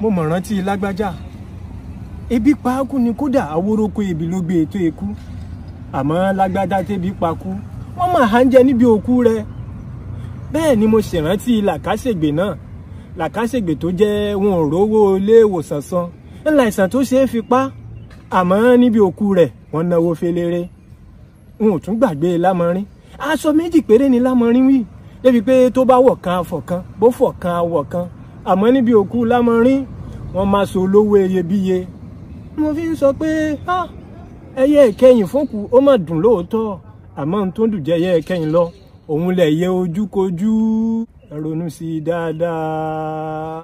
mo mọ̀ rántí lágbájá ebi paákú ni kódà awóroko ebi ló gbé ètò ikú àmọ́ lágbájá tẹ́bi pakú wọ́n mà á ń jẹ níbi òkú rẹ̀ bẹ́ẹ̀ ni mo ṣèrántí làkàṣègbè náà làkàṣègbè tó jẹ́ wọn ò rówó iléèwòsàn san ńlá ìsàn tó ṣeé fi àmọ́ níbi òkú rẹ̀ wọ́n náwó fẹ́lẹ́rẹ́ n ò tún gbàgbé lámọrin aṣọ méjì péré ni lámọrin wí débi pé tó bá wọ̀ kan afọ̀ kan bó fọ̀ kan awọ̀ kan àmọ́ níbi òkú lámọrin wọ́n máa sọ olówó iyebíye mo fi ń sọ pé ẹyẹ ìkẹyìn fókù ó mà dùn lóòótọ́ àmọ́ n tó ń dùjẹ́ ẹyẹ ìkẹyìn lọ òun lẹ̀ yẹ ojúkojú ronú sí i dáadáa.